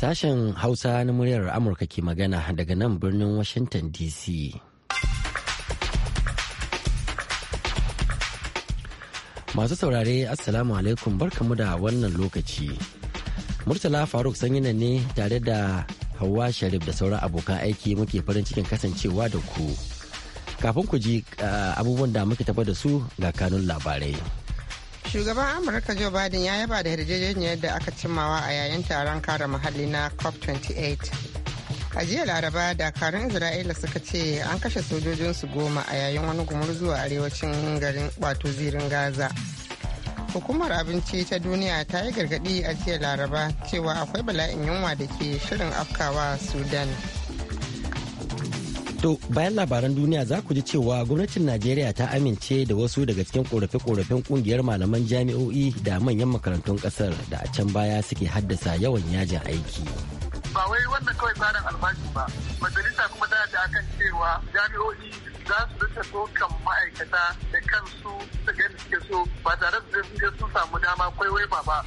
Sashen Hausa na muryar Amurka ke magana daga nan birnin Washington DC. Masu saurare Assalamu alaikum barkamu da wannan lokaci. Murtala Faruk sanyina ne tare da Hauwa Sharif da sauran abokan aiki muke farin cikin kasancewa da ku. Kafin ku ji ah, abubuwan da muke tafa da su ga kanun labarai. shugaban amurka joe biden ya yaba da yarjejeniyar da aka cimmawa a yayin taron kare muhalli na cop 28 a jiya laraba dakarun isra'ila suka ce an kashe sojojinsu goma a yayin wani gumurzu a arewacin garin wato zirin gaza hukumar abinci ta duniya ta yi gargadi a jiya laraba cewa akwai bala'in yunwa da ke shirin afkawa sudan To bayan labaran duniya za ku ji cewa gwamnatin Najeriya ta amince da wasu daga cikin korafe-korafen kungiyar malaman jami'o'i da manyan makarantun kasar da a can baya suke haddasa yawan yajin aiki. Ba wai wannan kawai tsarin albashi ba, majalisa kuma ta da akan cewa jami'o'i za su rika dokan ma'aikata da kansu su gani suke so ba tare da sun samu dama kwaiwai ba ba.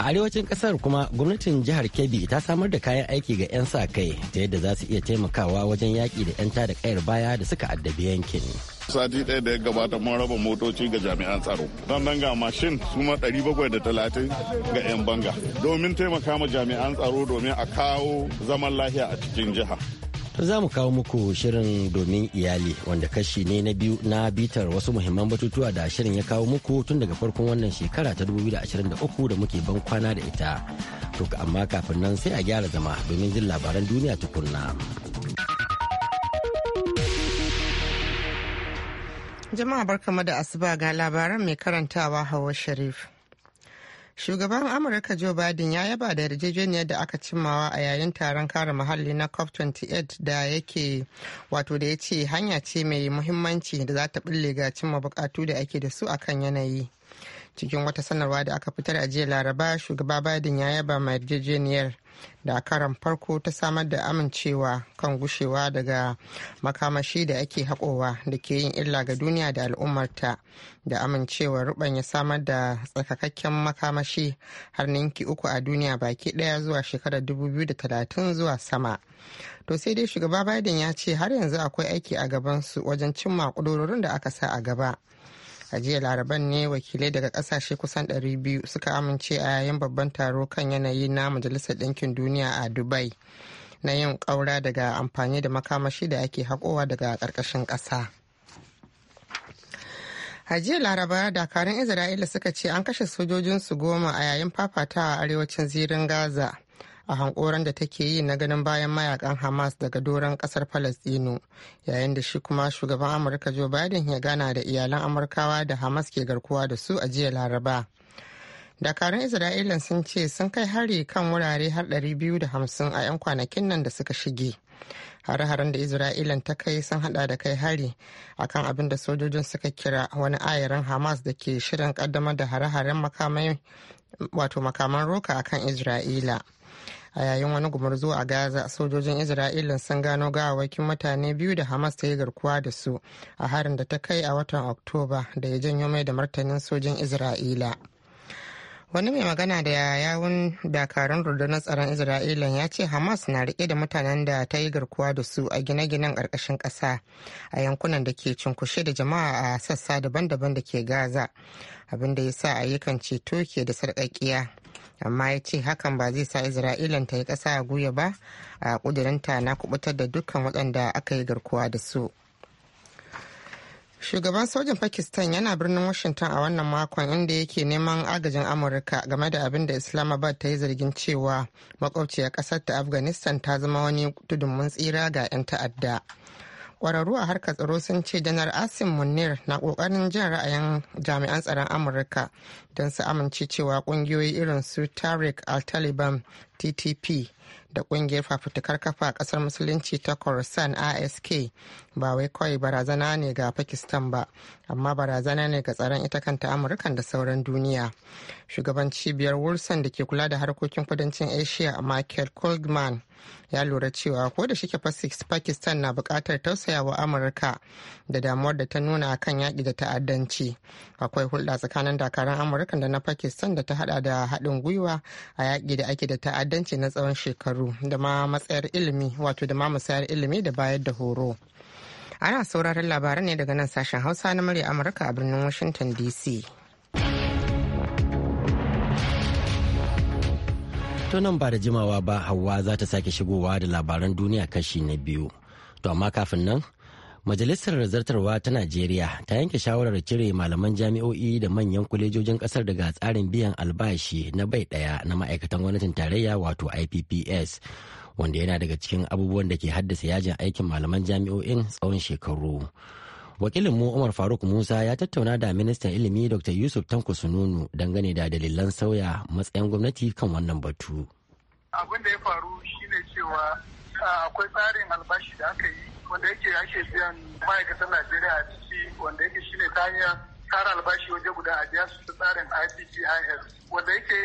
a arewacin kasar kuma gwamnatin jihar kebbi ta samar da kayan aiki ga 'yan sa kai ta yadda za su iya taimakawa wajen yaƙi da 'yan da kayar baya da suka addabi yankin sati ɗaya da ya gabata mun raba motoci ga jami'an tsaro sannan ga mashin suma talatin ga 'yan banga domin taimaka ma jami'an tsaro domin a kawo zaman lahiya a cikin jiha za mu kawo muku shirin domin iyali wanda kashi ne na biyu na bitar wasu muhimman batutuwa da shirin ya kawo muku tun daga farkon wannan shekara ta 2023 da muke ban kwana da ita to amma kafin nan sai a gyara zama domin jin labaran duniya tukunna jama'a barkama da asuba ga labaran mai karantawa hawa sharif Shugaban Amurka Joe Biden ya yaba da yarjejeniyar da aka cimmawa a yayin taron kare muhalli na COP28 da yake wato da ya ce hanya ce mai muhimmanci da za ta bulle ga cimma bukatu da ake da su a kan yanayi. cikin wata sanarwa da aka fitar a jiya laraba shugaba biden ya yaba ma yarjejeniyar da karan farko ta samar da amincewa kan gushewa daga makamashi da ake haƙowa da ke yin illa ga duniya da al'ummarta da amincewa ya samar da tsakakakken makamashi har ninki uku a duniya baki ɗaya zuwa shekarar 2030 zuwa sama to sai dai shugaba biden ya ce har yanzu akwai aiki a gabansu wajen cimma ƙudurorin da aka sa a gaba. a jiya laraban ne wakilai daga kasashe kusan 200 suka amince a yayin babban taro kan yanayi na majalisar ɗinkin duniya a dubai na yin ƙaura daga amfani da makamashi da ake haƙowa daga ƙarƙashin ƙasa. a jiya laraba dakarun isra'ila suka ce an kashe sojojinsu goma a yayin fafatawa arewacin zirin gaza a hankoran da take yi na ganin bayan mayakan hamas daga doron kasar palestino yayin da shi kuma shugaban amurka joe biden ya gana da iyalan amurkawa da hamas ke garkuwa da su a jiya laraba dakarun isra'ila sun ce sun kai hari kan wurare har 250 a 'yan kwanakin nan da suka shige hare-haren da isra'ilan ta kai sun hada da kai hari akan abin da sojojin suka kira wani ayarin hamas da ke shirin kaddamar da hare-haren makaman roka akan isra'ila a yayin wani gumurzu a gaza sojojin isra'ila sun gano gawawakin mutane biyu da hamas ta yi garkuwa da su a harin da ta kai a watan oktoba da ya janyo mai da martanin sojin isra'ila wani mai magana da yawun dakarun rundunar tsaron isra'ila ya ce hamas na rike da mutanen da ta yi garkuwa da su a gine-ginen ƙarƙashin ƙasa a yankunan da ke cunkushe da jama'a a sassa daban-daban da ke gaza abinda ya sa ayyukan ceto ke da sarƙaƙiya amma ya ce hakan ba zai sa isra'ilan ta yi ƙasa a guya ba a ƙudurinta na kubutar da dukkan waɗanda aka yi garkuwa da su shugaban sojin pakistan yana birnin washington a wannan makon inda yake neman agajin amurka game da abin da islamabad ta yi zargin cewa makwabciyar ƙasar ta afghanistan ta zama wani tudun mun tsira ga 'yan ta'adda kwararru a harkar tsaro sun ce janar asim munir na kokarin jin ra'ayin jami'an tsaron amurka don su amince cewa kungiyoyi irin su tariq al-taliban ttp da kungiyar fafutukar kafa a kasar musulunci ta khorasan ask ba wai kawai barazana ne ga pakistan ba amma barazana ne ga tsaron ita kanta amurkan da sauran duniya shugaban cibiyar wilson da ke kula da harkokin kudancin asia michael colgman ya lura cewa ko da shike pakistan na bukatar tausayawa amurka da damuwar da ta nuna kan yaƙi da ta'addanci akwai hulɗa tsakanin dakaran amurkan da na pakistan da ta hada da haɗin gwiwa a yaƙi da ake da ta'addanci na tsawon shekaru shekaru da ma matsayar ilimi wato da ma matsayar ilimi da bayar da horo ana sauraron labaran ne daga nan sashen hausa na murya amurka a birnin washington dc to nan ba da jimawa ba hawa za ta sake shigowa da labaran duniya kashi na biyu to amma kafin nan Majalisar Zartarwa ta Najeriya ta yanke shawarar cire malaman jami'o'i da manyan kwalejojin kasar daga tsarin biyan albashi na bai ɗaya na ma'aikatan gwamnatin tarayya wato IPPS wanda yana daga cikin abubuwan da ke haddasa yajin aikin malaman jami'o'in tsawon shekaru. Wakilin mu Umar Faruk Musa ya tattauna da ministan ilimi Dr. Yusuf Tanko Sununu dangane da dalilan sauya matsayin gwamnati kan wannan batu. Abin da ya faru shine cewa akwai tsarin albashi da aka yi wanda yake ake biyan ma'aikatan Najeriya a ciki wanda yake shine ta hanyar tsara albashi waje guda a biya su tsarin IPTIS wanda yake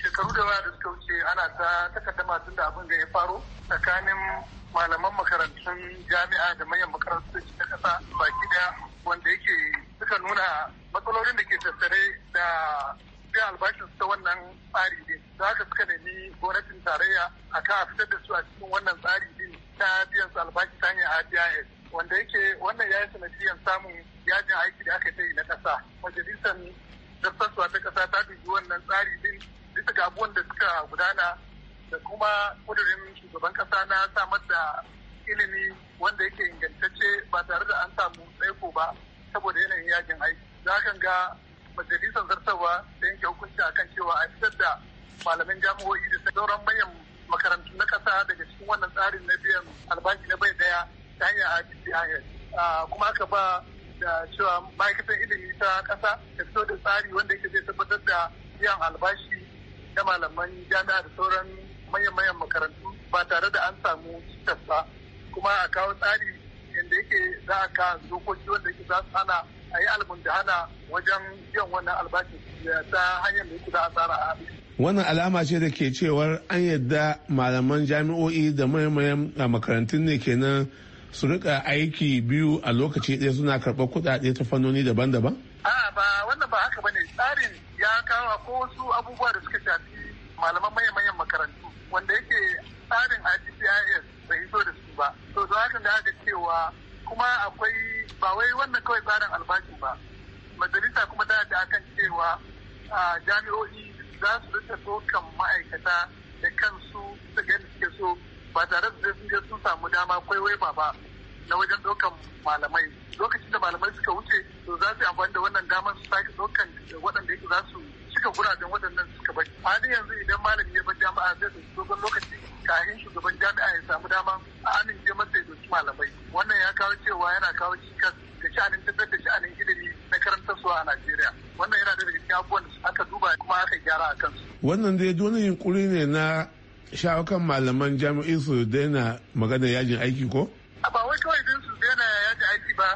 shekaru da yawa da suka wuce ana ta takaddama tun da abin da ya faro tsakanin malaman makarantun jami'a da manyan makarantun na kasa baki daya wanda yake suka nuna matsalolin da ke tattare da biyan albashin su ta wannan tsari ne Za haka suka nemi gwamnatin tarayya a kan a fitar da su a cikin wannan tsari din ta biyan su albashi ta hanyar RDIS wanda yake wannan ya yi sanadiyar samun yajin aiki da aka yi na ƙasa majalisar zartaswa ta ƙasa ta dubi wannan tsari din bisa ga abubuwan da suka gudana da kuma ƙudurin shugaban ƙasa na samar da ilimi wanda yake ingantacce ba tare da an samu tsaiko ba saboda yanayin yajin aiki za ga majalisar zartarwa da yanke hukunci akan cewa a fitar da malaman jami'o'i da sauran manyan makarantu na kasa daga cikin wannan tsarin na biyan albashi na bai daya ta hanyar IBCIS. Ah, kuma aka ba da cewa ma'aikatan ilimi ta kasa da fito da tsari wanda yake zai tabbatar da biyan albashi na malaman jami'a da sauran manyan manyan makarantu ba tare da an samu cikas ba kuma a kawo tsari yadda yake za a ka dokoki wanda yake za su hana a yi da hana wajen biyan wannan albashi eh, ta hanyar yake za a tsara a wannan alama ce da ke cewar an yadda malaman jami'o'i da a makarantun ne kenan su rika aiki biyu a lokaci ɗaya suna karɓar kuɗaɗe ta fannoni daban-daban? ba wannan ba haka bane tsarin ya kawo ko wasu abubuwa da suka shafi malaman mayan makarantu wanda yake tsarin ICCIS bai zo da su ba to don haka da aka cewa kuma akwai ba wai wannan kawai tsarin albashi ba majalisa kuma ta da akan cewa jami'o'i za su rika dokan ma'aikata da kansu su ga suke so ba tare da sun je sun samu dama wai ba na wajen dokan malamai lokacin da malamai suka wuce to za su amfani da wannan damar su sake dokan waɗanda yake za su cika guraden waɗannan suka bari hali yanzu idan malami ya bar jami'a zai da dogon lokaci kafin shugaban jami'a ya samu dama a amince masa ya dauki malamai wannan ya kawo cewa yana kawo cikas da sha'anin tabbatar da sha'anin ilimi na karantarsu a Najeriya. Wannan yana daga cikin abubuwan da aka duba kuma aka gyara a kansu. Wannan dai wani yunkuri ne na shawakan malaman jami'i su daina magana yajin aiki ko? A ba wai kawai din su daina yajin aiki ba,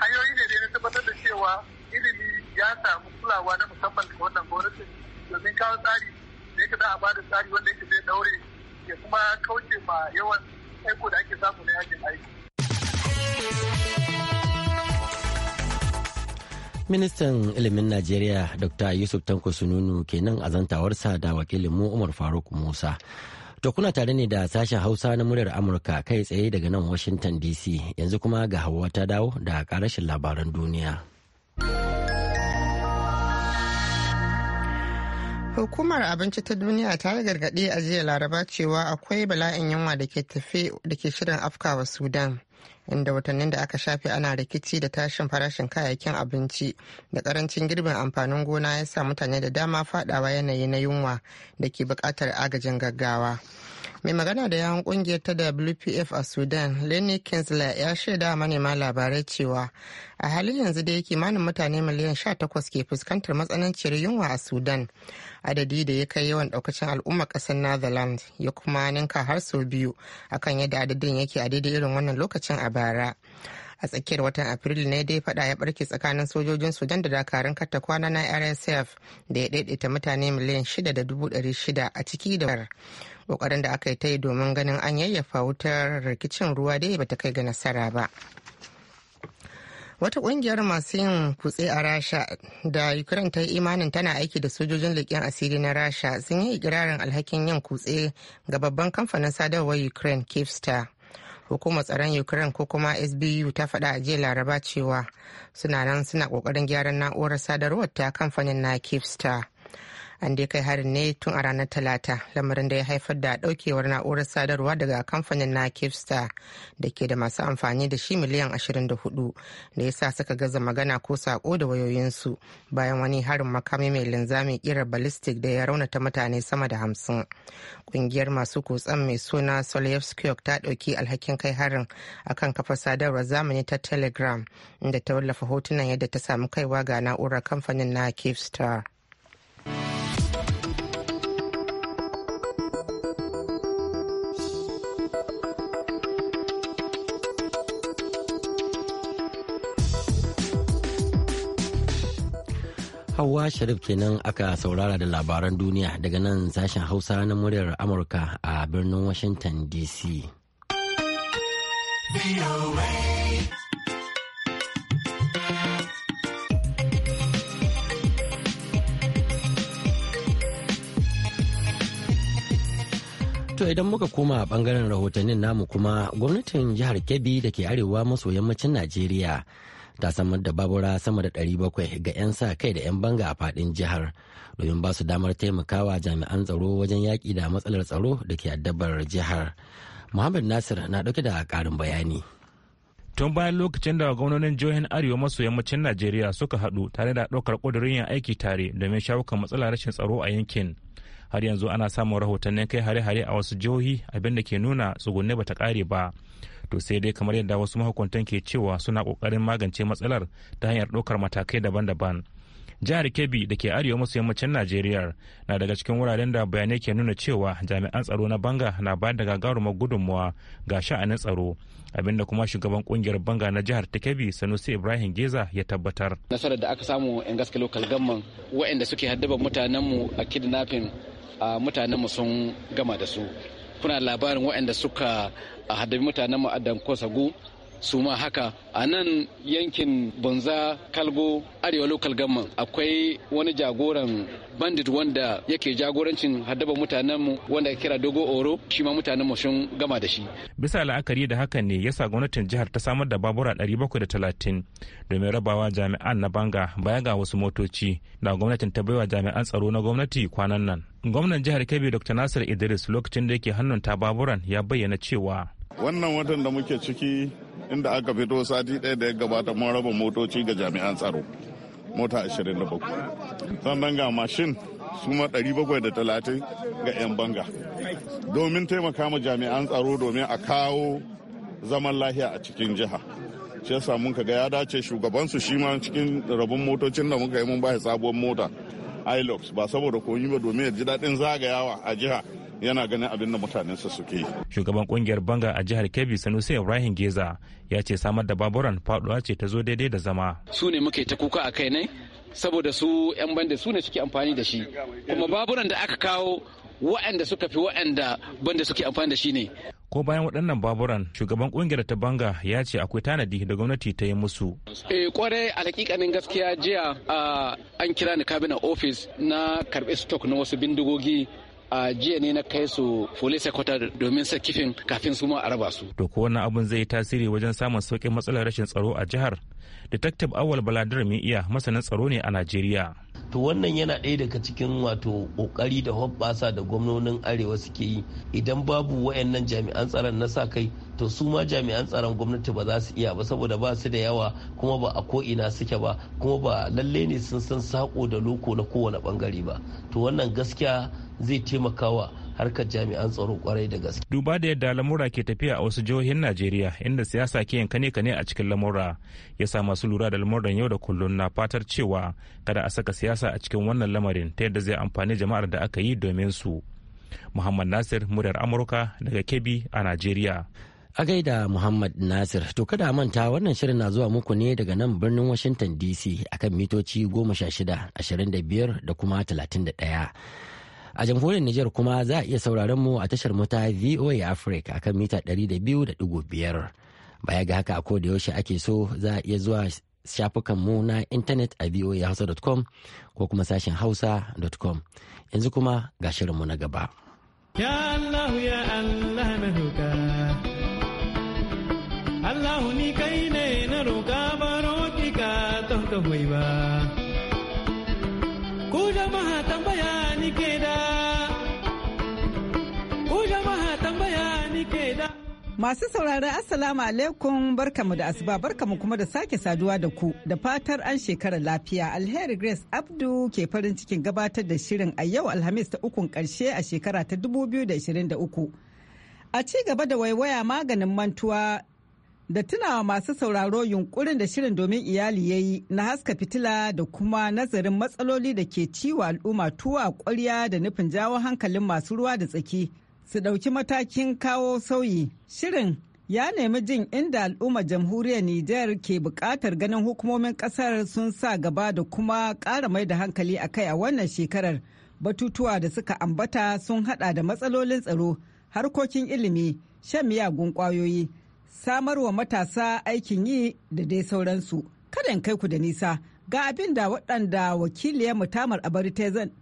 hanyoyi ne da na tabbatar da cewa ilimi ya samu kulawa na musamman ga wannan gwamnatin domin kawo tsari da yake da a bada tsari wanda yake zai daure ya kuma kauce ma yawan aiko da ake samu na yajin aiki. ministan ilimin najeriya dr yusuf tanko sununu nan a zantawarsa da wakilin mu umar faruk musa to kuna tare ne da sashen hausa na muryar amurka kai tsaye daga nan washington dc yanzu kuma ga hawa ta dawo da karashin labaran duniya Hukumar Abinci ta Duniya ta yi gargaɗi a jiya Laraba cewa akwai bala'in yunwa da ke tafe da ke shirin afkawa Sudan. inda watannin da aka shafe ana rikici da tashin farashin kayayyakin abinci da karancin girbin amfanin gona ya sa mutane da dama fadawa yanayi na yunwa da ke buƙatar agajin gaggawa. mai magana da yawon kungiyar ta wpf a sudan lenny kinsler ya shaida manema labarai cewa a halin yanzu da yake manin mutane miliyan 18 ke fuskantar matsananciyar yunwa a sudan adadi da ya kai yawan daukacin al'umma kasar netherlands ya kuma ninka har sau biyu akan yadda adadin yake a daidai irin wannan lokacin a bara a tsakiyar watan afrilu ne dai fada ya barke tsakanin sojojin sudan da dakarun katakwana na rsf da ya daidaita mutane miliyan shida a ciki da kokarin da aka yi ta yi domin ganin an yayyafa wutar rikicin ruwa dai bata kai ga nasara ba wata kungiyar masu yin kutse a rasha da ukraine ta yi imanin tana aiki da sojojin leƙen asiri na rasha sun yi ikirarin alhakin yin kutse ga babban kamfanin sadarwar ukraine kivstar hukumar tsaron ukraine ko kuma sbu ta faɗa a jiya laraba cewa suna nan suna ƙoƙarin gyaran na'urar sadarwar ta kamfanin na kivstar an dai kai harin ne tun a ranar talata lamarin da ya haifar da daukewar na'urar sadarwa daga kamfanin na kevstar da ke da masu amfani da shi miliyan 24 da ya sa suka gaza magana ko sako da wayoyinsu bayan wani harin makami mai linzami kira ballistic da ya raunata mutane sama da hamsin kungiyar masu kutsan mai suna solyevskyok ta dauki alhakin kai harin akan kafar sadarwar zamani ta telegram inda ta wallafa hotunan yadda ta samu kaiwa ga na'urar kamfanin na kevstar Hawa Sharif kenan aka saurara da labaran duniya daga nan sashen Hausa na muryar Amurka a birnin Washington DC. To idan muka koma bangaren rahotannin namu kuma gwamnatin jihar Kebbi da ke arewa maso yammacin Najeriya ta samar da babura sama da 700 ga 'yan sa kai da 'yan banga a fadin jihar domin ba su damar taimakawa jami'an tsaro wajen yaƙi da matsalar tsaro da ke addabar jihar muhammad nasir na ɗauke da ƙarin bayani tun bayan lokacin da gwamnonin jihohin arewa maso yammacin najeriya suka haɗu tare da ɗaukar ƙudurin yin aiki tare domin shawo matsalar rashin tsaro a yankin har yanzu ana samun rahotannin kai hare-hare a wasu jihohi abinda ke nuna tsugunne bata ƙare ba to sai dai kamar yadda wasu mahukuntan ke cewa suna kokarin magance matsalar ta hanyar ɗaukar matakai daban-daban jihar kebbi da ke arewa maso yammacin najeriya na daga cikin wuraren da bayanai ke nuna cewa jami'an tsaro na banga na ba da gagarumar gudunmuwa ga sha'anin tsaro abinda kuma shugaban kungiyar banga na jihar ta kebbi sanusi ibrahim geza ya tabbatar nasarar da aka samu yan gaske lokal gamman waɗanda suke haddaba mutanenmu a kidnapping a mutanenmu sun gama da su kuna labarin wa'inda suka a hadabi mutanen mu a dankosagu su ma haka a nan yankin banza kalgo arewa local government akwai wani jagoran bandit wanda yake jagorancin haddaba mutanenmu wanda ya kira dogo oro shi ma mutanenmu sun gama da shi bisa la'akari da hakan ne yasa gwamnatin jihar ta samar da babura 730 domin rabawa jami'an na banga baya ga wasu motoci da gwamnatin ta baiwa jami'an tsaro na gwamnati kwanan nan gwamnan jihar kebbi dr nasir idris lokacin da yake hannun ta baburan ya bayyana cewa Wannan watan da muke ciki inda aka fito sati ɗaya da ya gabata mun raba motoci ga jami'an tsaro mota 27 sannan ga mashin su ma 730 ga 'yan banga domin taimaka ma jami'an tsaro domin a kawo zaman lahiya a cikin jiha shi samun mun ga ya dace shugabansu shi ma cikin rabin motocin da muka yi mun ba sabuwar mota ilox ba saboda komi ba domin ya ji daɗin zagayawa a jiha yana ganin abin da mutanensa suke Shugaban kungiyar banga a jihar Kebbi Sanusi Ibrahim Geza ya ce samar da baburan faduwa ce ta zo daidai da zama. Su ne muke ta kuka a kai ne saboda su 'yan banda su ne suke amfani da shi kuma baburan da aka kawo wa'anda suka fi wa'anda banda suke amfani da shi ne. Ko bayan waɗannan baburan shugaban kungiyar ta banga ya ce akwai tanadi da gwamnati ta yi musu. E kwarai a hakikanin gaskiya jiya ah, an kira ni kabinan ofis na karɓi stok na wasu bindigogi a jiya ne na kai su police headquarter domin sa kifin kafin su ma a raba su to ko wannan abun zai yi tasiri wajen samun sauƙin matsalar rashin tsaro a jihar detective awal baladir mai iya masanin tsaro ne a najeriya to wannan yana ɗaya daga cikin wato ƙoƙari da hoɓɓasa da gwamnonin arewa suke yi idan babu wayannan jami'an tsaron na sa kai to su ma jami'an tsaron gwamnati ba za su iya ba saboda ba su da yawa kuma ba a ko ina suke ba kuma ba lalle ne sun san sako da loko na kowane bangare ba to wannan gaskiya zai taimakawa harkar jami'an tsaro kwarai da gaske. Duba da yadda lamura ke tafiya a wasu jihohin Najeriya inda siyasa ke yin kane kane a cikin lamura ya sa masu lura da lamuran yau da kullum na fatar cewa kada a saka siyasa a cikin wannan lamarin ta yadda zai amfani jama'ar da aka yi domin su. Muhammad Nasir muryar Amurka daga Kebbi a Najeriya. A gaida Muhammad Nasir, to kada manta wannan shirin na zuwa muku ne daga nan birnin Washington DC akan mitoci 16, 25 da kuma 31. A jamhuriyar Nijar kuma za a iya sauraron mu a tashar mota VOA Africa akan mita 200.5. Baya ga haka a da yaushe ake so za a iya zuwa shafukan mu na intanet a voahausa.com ko kuma sashen hausa.com. Yanzu kuma ga shirinmu na gaba. Ya Allah ya Allah Allah kai ne na roƙa baro Masu saurari Assalamu alaikum barkamu da asuba barkamu kuma da sake saduwa da ku da fatar an shekarar lafiya alheri Grace Abdu ke farin cikin gabatar da shirin a yau Alhamis ta ukun karshe a shekara ta 2023. A ci gaba da waiwaya maganin mantuwa da tunawa masu sauraro yunkurin da shirin domin iyali ya yi na haska fitila da kuma nazarin matsaloli da ke ciwa al'umma tuwa kwarya da nufin jawo hankalin masu ruwa da tsaki su ɗauki matakin kawo sauyi shirin ya nemi jin inda al'umma jamhuriyar niger ke buƙatar ganin hukumomin ƙasar sun sa gaba da kuma ƙara mai da hankali a kai a wannan shekarar batutuwa da suka ambata sun haɗa da matsalolin tsaro harkokin ilimi shan miyagun ƙwayoyi samarwa matasa aikin yi da dai sauransu. Kada in kai ku da nisa ga abin da waɗanda wakiliyar mutamar abari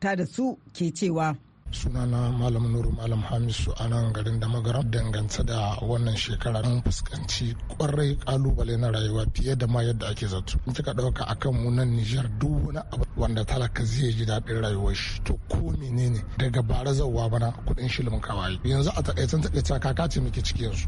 ta da su ke cewa. sunana malam nuru malam hamisu a nan garin da magara dangance da wannan shekara an fuskanci kwarai kalubale na rayuwa fiye da ma yadda ake zato in kika dauka akan mu nan Nijar duk wani abu wanda talaka zai ji daɗin rayuwar shi to ko menene daga bara zawa bana kuɗin shilin kawai yanzu a takaicen takaice kaka ce muke ciki yanzu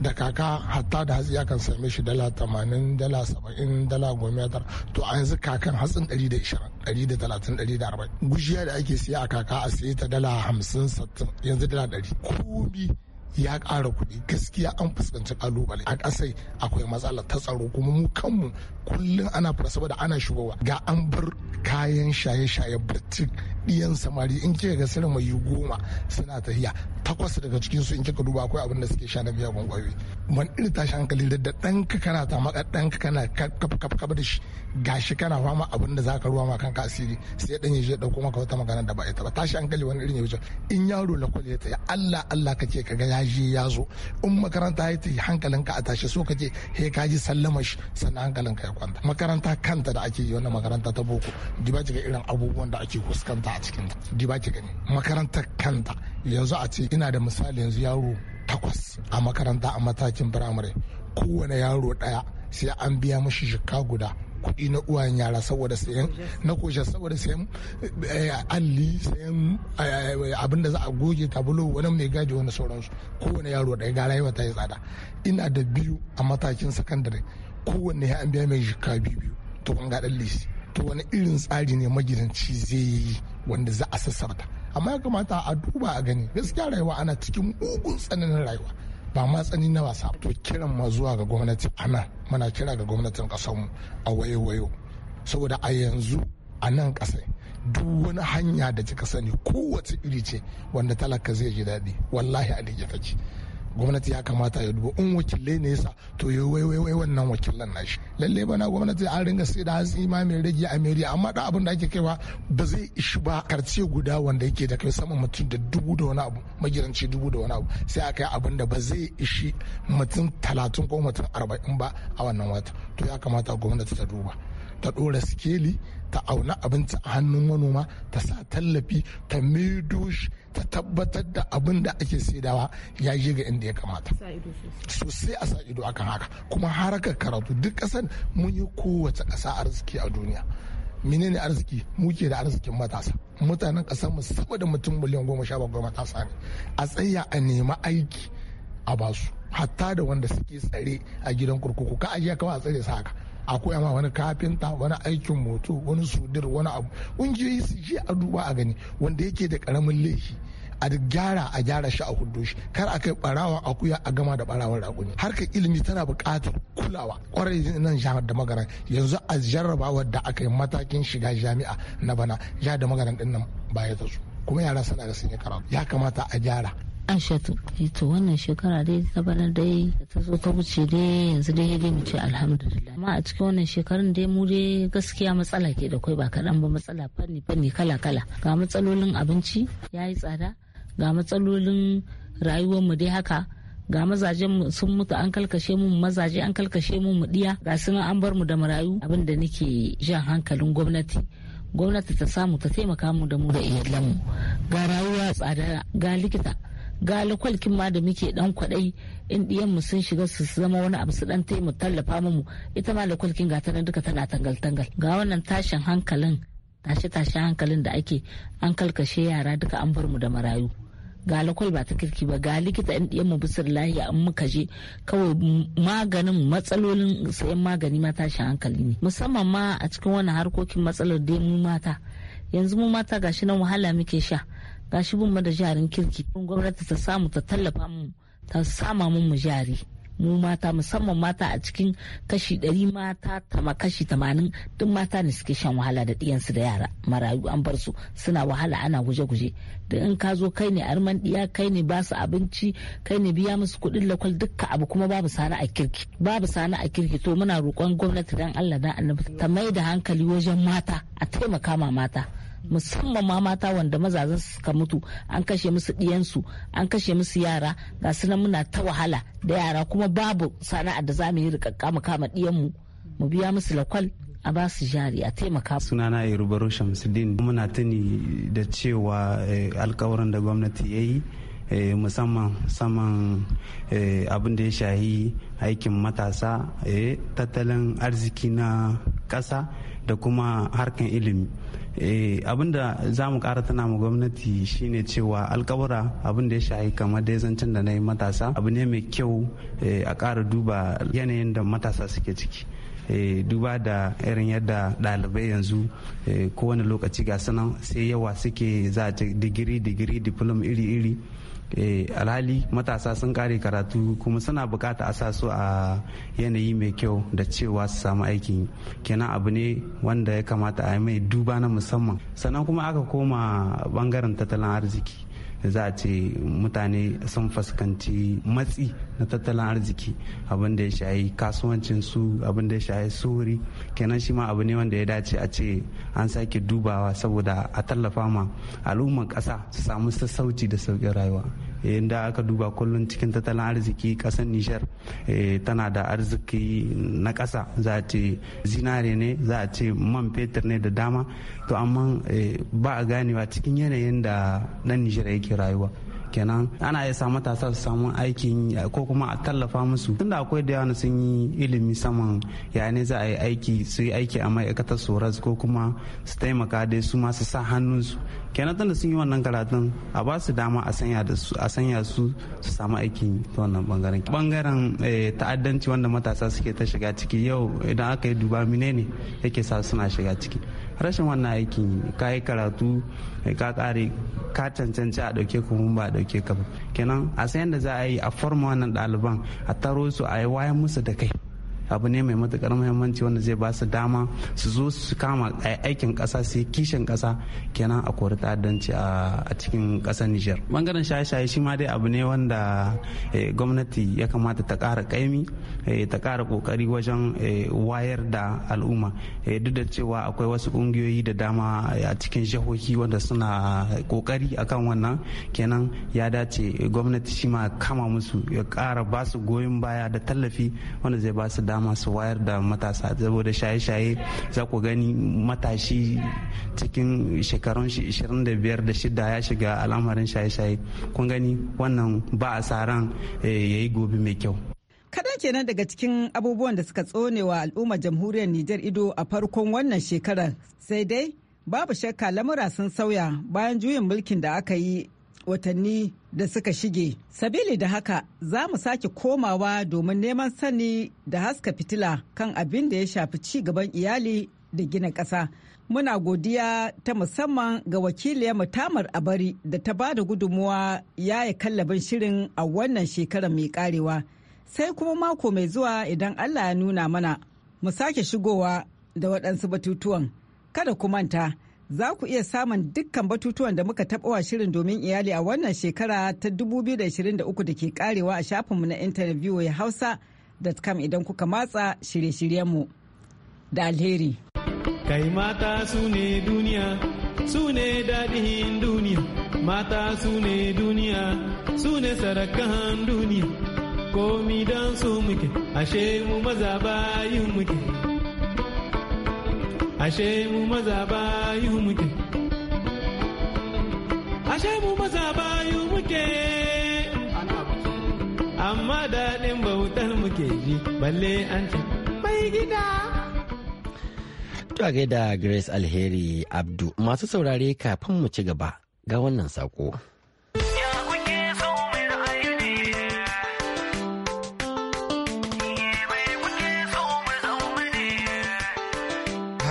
da kaka hatta da hatsi akan same shi dala tamanin dala saba'in dala goma to a yanzu kakan hatsin ɗari da ishirin ɗari da talatin ɗari da arba'in gujiya da ake siya a kaka a siya ta dala hamsin sattin yanzu dala ɗari komi ya ƙara kuɗi gaskiya an fuskanci kalubale a ƙasai akwai matsala ta tsaro kuma mu kanmu kullum ana fara saboda ana shigowa ga an bar kayan shaye-shaye batik ɗiyan samari in kika ga sirri mai goma suna tahiya takwas daga cikin su in kika duba akwai abin da suke sha na biya gwangwawi man iri tashi hankali da ɗanka kana ta maka ɗanka kana kaf da shi gashi kana fama abin da zaka ruwa ma kanka asiri sai ɗan yaje je ɗauko maka wata magana da ba ita ba tashi hankali wani irin ya wuce in yaro na kwaleta ya Allah Allah kake ka ga ya je ya zo in makaranta ya tafi hankalinka a tashi so kace he ka ji shi sannan hankalinka ya kwanta makaranta kanta da ake yi wannan makaranta ta boko diba ga irin abubuwan da ake fuskanta a cikin ta diba gani makarantar kanta yanzu a ce ina da misali yanzu yaro takwas a makaranta a matakin firamare kowane yaro daya sai an biya mashi jikka guda kuɗi na uwan yara saboda sayan na kushe saboda sayan eh, alli sayan eh, abinda da za a goge tabulo wani mai gaji wani sauransu kowane yaro ɗaya ga rayuwa ta yi tsada ina da biyu a matakin sakandare kowanne ya an biya mai jikka biyu biyu to kun ga ɗan lisi to wani irin tsari ne magidanci zai yi wanda za a sassarta amma ya kamata a duba a gani gaskiya rayuwa ana cikin mugun tsananin rayuwa ba ma tsani na wasa to kiran ma zuwa ga gwamnati a nan muna kira ga gwamnatin mu a wayo-wayo saboda a yanzu a nan ƙasa duk wani hanya da kika sani kowace iri ce wanda talaka zai ji daɗi wallahi a ta ce gwamnati ya kamata ya dubo in wakilai ne yasa to ya wai-wai-wai wannan wakilan nashi lalle bana gwamnati an ringa sai da hatsi ma mai rage a meri amma da abin da ake kaiwa ba zai ishi ba karce guda wanda yake da kai sama mutum da dubu da wani abu magiranci dubu da wani abu sai a kai abin da ba zai ishi mutum talatin ko mutum arba'in ba a wannan wata to ya kamata gwamnati ta duba ta ɗora sikeli ta auna abinci a hannun manoma ta sa tallafi ta maido ta tabbatar da abin da ake saidawa ya yi ga inda ya kamata sosai a sa ido akan haka kuma harkar karatu duk kasar mun yi kowace kasa arziki a duniya menene arziki muke da arzikin matasa mutanen ƙasar mu saboda mutum miliyan goma sha bakwai matasa ne a tsaya a nema aiki a basu hatta da wanda suke tsare a gidan kurkuku ka ajiya kawai a tsare su haka a koya wani kafinta wani aikin moto wani sudir wani abu ƙungiyoyi su je a duba a gani wanda yake da ƙaramin laifi a gyara a gyara shi a hudu shi kar a kai barawa akuya a gama da barawar raguni harkar ilimi tana buƙatar kulawa kwarai nan jihar da magana yanzu a jarrabawar da aka yi matakin shiga jami'a na bana jihar da magana din nan baya ta su kuma yara suna da sun karatu ya kamata a gyara Aishatu to wannan shekara dai ta bana dai ta zo ta wuce dai yanzu dai dai mu ce alhamdulillah amma a cikin wannan shekarun dai mu dai gaskiya matsala ke da kwai ba kaɗan ba matsala fanni fanni kala kala ga matsalolin abinci ya yi tsada ga matsalolin rayuwarmu dai haka ga mazajen sun mutu an kalkashe mu mazaje an kalkashe mu mu ɗiya ga sun an bar mu da marayu abin da nake jan hankalin gwamnati gwamnati ta samu ta taimaka mu da mu da iyalanmu ga rayuwa tsada ga likita gali kwalkin ma da muke dan kwadai in mu sun shiga su zama wani abu su dan taimu tallafa mu ita ma da lakwalkin ga nan duka tana tangal tangal ga wannan tashin hankalin tashi tashi hankalin da ake an kalkashe yara duka an bar mu da marayu ga lakwal ba ta kirki ba ga likita in mu bisir lahiya an muka je kawai maganin matsalolin sayan magani ma tashin hankali ne musamman ma a cikin wannan harkokin matsalar da mu mata yanzu mu mata gashi nan wahala muke sha shi bin da jarin kirki gwamnati ta samu ta tallafa mu ta sama mu mu jari mu mata musamman mata a cikin kashi ɗari mata tama kashi tamanin duk mata ne suke shan wahala da ɗiyansu da yara marayu an bar su suna wahala ana guje-guje duk in ka zo kai ne arman ɗiya kai ne ba su abinci kai ne biya musu kuɗin lakwal dukka abu kuma babu sana a kirki babu sani a kirki to muna roƙon gwamnati dan Allah dan annabi ta mai da hankali wajen mata a taimaka ma mata musamman ma mata wanda mazazan suka mutu an kashe musu ɗiyansu an kashe musu yara ga sunan muna ta wahala da yara kuma babu sana'a da za mu yi rikakka mu kama ɗiyanmu mu biya musu lakwal a ba su jari a taimaka sunana irubaro shamsuddin muna tuni da cewa eh, alkawarin da gwamnati ya yi eh, musamman saman eh, abin da ya shahi aikin matasa tattalin arziki na ƙasa da kuma harkan ilimi Eh, abinda za mu kara tana ma gwamnati shine cewa alkawura abin da ya shahi kamar da zancen da na yi matasa abu ne mai kyau eh, a kara duba yanayin da matasa suke ciki eh, duba da irin yadda ɗalibai yanzu kowane lokaci ga sanan sai yawa suke za a digiri digiri diplom iri-iri Eh, alhali matasa sun kare karatu kuma suna bukata a sa su a yanayi mai kyau da cewa su samu aikin kenan abu ne wanda ya kamata a yi mai duba na musamman sannan kuma aka koma bangaren tattalin arziki za a ce mutane sun fuskanci matsi na tattalin arziki abin da ya shayi kasuwancin su abin da ya shayi sori kenan shi ma abu ne wanda ya dace a ce an sake dubawa saboda a tallafa ma al'ummar kasa su samu sassauci da sauƙin rayuwa Eh, inda aka duba kullum cikin tattalin arziki kasar nijar eh, tana da arziki na kasa za a ce zinare ne za a ce man fetur ne da dama to amma eh, ba a ganewa cikin yanayin da ɗan nijar yake rayuwa kenan ana iya sa matasa su samu aikin ko kuma a tallafa musu tunda akwai da yawa sun yi ilimi saman ya ne za a yi aiki su yi aiki a ma'aikatar soras ko kuma su taimaka dai su masu su sa hannunsu kenan tunda sun yi wannan karatun a ba su dama a sanya su su samu aikin ta wannan bangaren bangaren eh, ta'addanci wanda matasa suke ta shiga ciki yau idan aka yi duba mine ne yake sa suna shiga ciki rashin wannan aikin ka yi karatu eh, ka kare ka cancanci a dauke ka ba a dauke ka ba kenan a sayan da za a yi a forma wannan ɗaliban a taro su a yi wayan musu da kai abu ne mai matukar muhimmanci wanda zai ba su dama su zo su kama aikin kasa su yi kishin ƙasa kenan a kori ta'addanci a cikin ƙasar Nijar. Bangaren shaye-shaye shi ma dai abu ne wanda eh, gwamnati ya kamata ta ƙara kaimi eh, ta ƙara ƙoƙari wajen eh, wayar da al'umma duk da cewa akwai wasu ƙungiyoyi da dama a cikin jihohi wanda suna ƙoƙari akan wannan kenan ya dace gwamnati shi ma kama musu ya ƙara ba su goyon baya da tallafi wanda zai ba su dama dama su wayar da matasa saboda shaye-shaye za ku gani matashi cikin shekarun 25 da shida ya shiga al'amarin shaye-shaye kun gani wannan ba a sa ran eh, ya yi gobe mai kyau kaɗan kenan daga cikin abubuwan da suka tsone wa al'ummar jamhuriyar Nijar ido a farkon wannan shekarar sai dai babu shakka lamura sun sauya bayan juyin mulkin da aka yi watanni da suka shige. Sabili da haka za mu sake komawa domin neman sani da haska fitila kan abin da ya shafi ci gaban iyali da gina ƙasa. Muna godiya ta musamman ga wakiliyar a Bari da ta ba da gudunmuwa ya yi kallabin shirin a wannan shekarar mai karewa. Sai kuma mako mai zuwa idan Allah ya nuna mana, mu sake shigowa da waɗansu batutuwan. Kada ku manta. za ku iya samun dukkan batutuwan da muka taɓa wa shirin domin iyali a wannan shekara ta 2023 da ke karewa a shafinmu na intanet ya hausa.com idan kuka matsa shirye-shiryenmu da alheri. Kai mata su ne duniya, su ne daɗin duniya, mata su ne duniya, su ne sarakan duniya, komi don su muke, ashe mu maza bayin muke. ashe mu maza bayu muke ashe mu maza bayu muke amma daɗin bautar muke ji balle an ce bai gida To gaida Grace Alheri Abdu masu saurare kafin mu ci gaba ga wannan sako.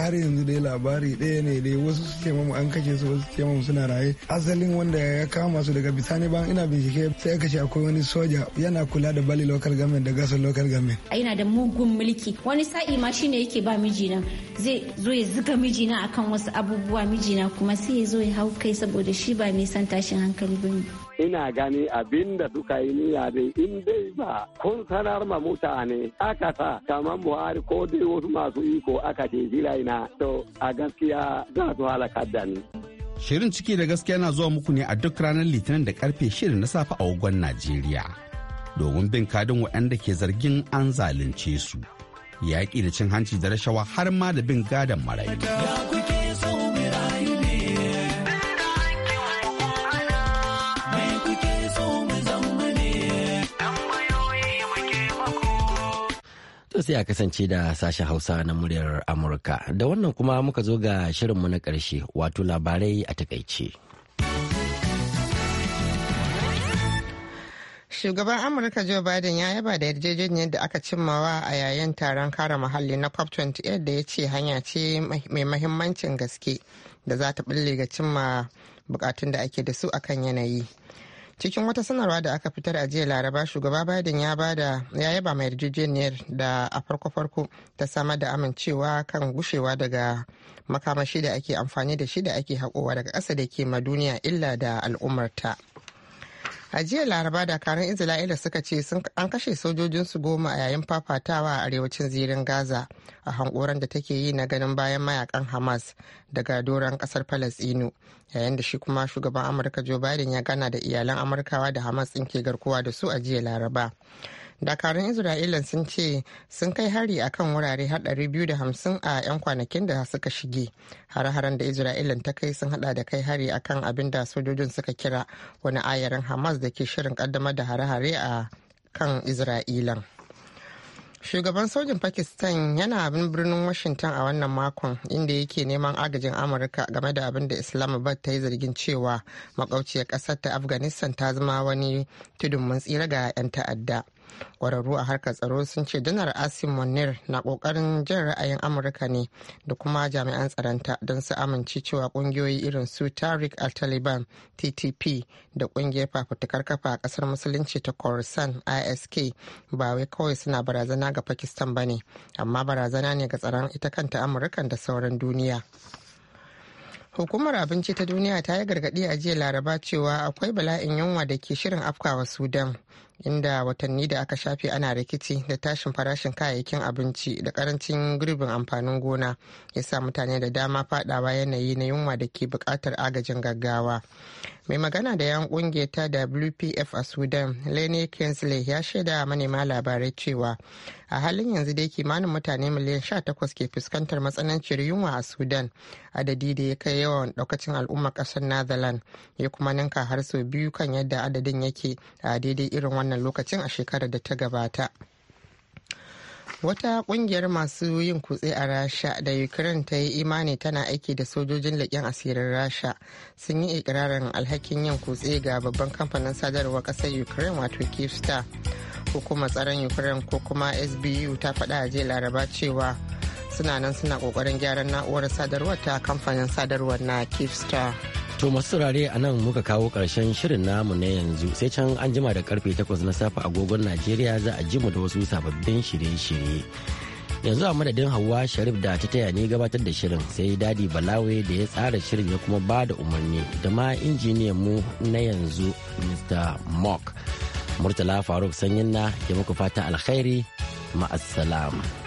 har yanzu dai labari ɗaya ne dai wasu suke mamu an kashe su wasu suke mamu suna raye asalin wanda ya kama su daga bisani bayan ina bincike sai aka ce akwai wani soja yana kula da bali local government da gasar local government yana da mugun mulki wani sa'i ma shine yake ba mijina zai zo ya zuga mijina akan wasu abubuwa mijina kuma sai ya zo ya hau kai saboda shi ba mai san tashin hankali bane ina gani abin da duka yi niya dai in dai ba kun sanar ma mutane aka sa kamar buhari ko dai wasu masu iko aka ce ina to a gaskiya za su halakar da ni. Shirin ciki da gaskiya na zuwa muku ne a duk ranar litinin da karfe shirin na safe a wagon Najeriya. Domin bin kadin waɗanda ke zargin an zalunce su. Yaƙi da cin hanci da rashawa har ma da bin gadon marayu. To sai a kasance da sashen Hausa na muryar Amurka. Da wannan kuma muka zo ga shirinmu na karshe wato labarai a takaice. Shugaban Amurka Joe Biden ya yaba da yarjejeniyar da aka cimmawa a yayin taron kare muhalli na COP28 da ya ce hanya ce mai mahimmancin gaske da za ta bulle ga cimma bukatun da ake da su akan yanayi. cikin wata sanarwa da aka fitar a jiya laraba shugaba biden ya bada ya yaba mai yarjejeniyar da a farko-farko ta samar da amincewa kan gushewa daga makamashi da ake amfani da shi da ake haƙowa daga ƙasa da ke ma duniya illa da al'ummarta. a jiya laraba dakarun isra'ila suka ce an kashe sojojinsu goma a yayin fafatawa a arewacin zirin gaza a hankoran da take yi na ganin bayan mayakan hamas daga doron kasar palestino yayin da shi kuma shugaban amurka joe biden ya gana da iyalan amurkawa da hamas ɗin ke garkuwa da su a jiya laraba dakarun isra'ila sun ce sun kai hari a kan wurare haɗari biyu da hamsin a 'yan kwanakin da suka shige hare-haren da isra'ila ta kai sun hada da kai hari a kan abin da sojojin suka kira wani ayarin hamas da ke shirin kaddamar da hare-hare a kan isra'ilan shugaban sojin pakistan yana bin birnin washington a wannan makon inda yake neman agajin amurka game da abin da islamabad ta yi zargin cewa makauciyar kasar ta afghanistan ta zama wani tudun mun tsira ga 'yan ta'adda kwararru a harkar tsaro sun ce janar asim munir na kokarin jin ra'ayin amurka ne da kuma jami'an tsaranta don su amince cewa kungiyoyi irin su tarik al taliban ttp da kungiyar fafutukar kafa a kasar musulunci ta khorasan isk ba wai kawai suna barazana ga pakistan ba ne amma barazana ne ga tsaron ita kanta amurkan da sauran duniya hukumar abinci ta duniya ta yi gargadi a jiya laraba cewa akwai bala'in yunwa da ke shirin afkawa sudan inda watanni da aka shafe ana rikici da tashin farashin kayayyakin abinci da karancin girbin amfanin gona ya sa mutane da dama fadawa yanayi na yunwa da ke bukatar agajin gaggawa mai magana da yan kungiyar ta wpf a sudan lenny kinsley ya shaida manema labarai cewa a halin yanzu dai kimanin mutane miliyan 18 ke fuskantar matsananciyar yunwa a sudan adadi da ya kai yawan daukacin al'ummar kasar netherlands ya kuma ninka har sau biyu kan yadda adadin yake a daidai irin wannan wannan lokacin a shekarar da ta gabata wata kungiyar masu yin kutse a rasha da ukraine ta yi imani tana aiki da sojojin leƙen asirin rasha sun yi ikirarin alhakin yin kutse ga babban kamfanin sadarwar ƙasar ukraine wato ko hukumar tsaron ukraine ko kuma sbu ta faɗa a jiya laraba cewa suna nan suna ƙoƙarin gyaran na'urar sadarwar ta kamfanin sadarwar na kyivstar To masu saurare a nan muka kawo ƙarshen shirin namu na yanzu sai can an jima da karfe takwas na safe agogon Najeriya za a ji mu da wasu sababbin shirye-shirye. Yanzu a madadin Hauwa Sharif da ta taya ne gabatar da shirin sai Dadi Balawe da ya tsara shirin ya kuma ba da umarni da ma injiniyan mu na yanzu Mr. Mock. Murtala Faruk Sanyin na ya muku fata alkhairi ma'assalam.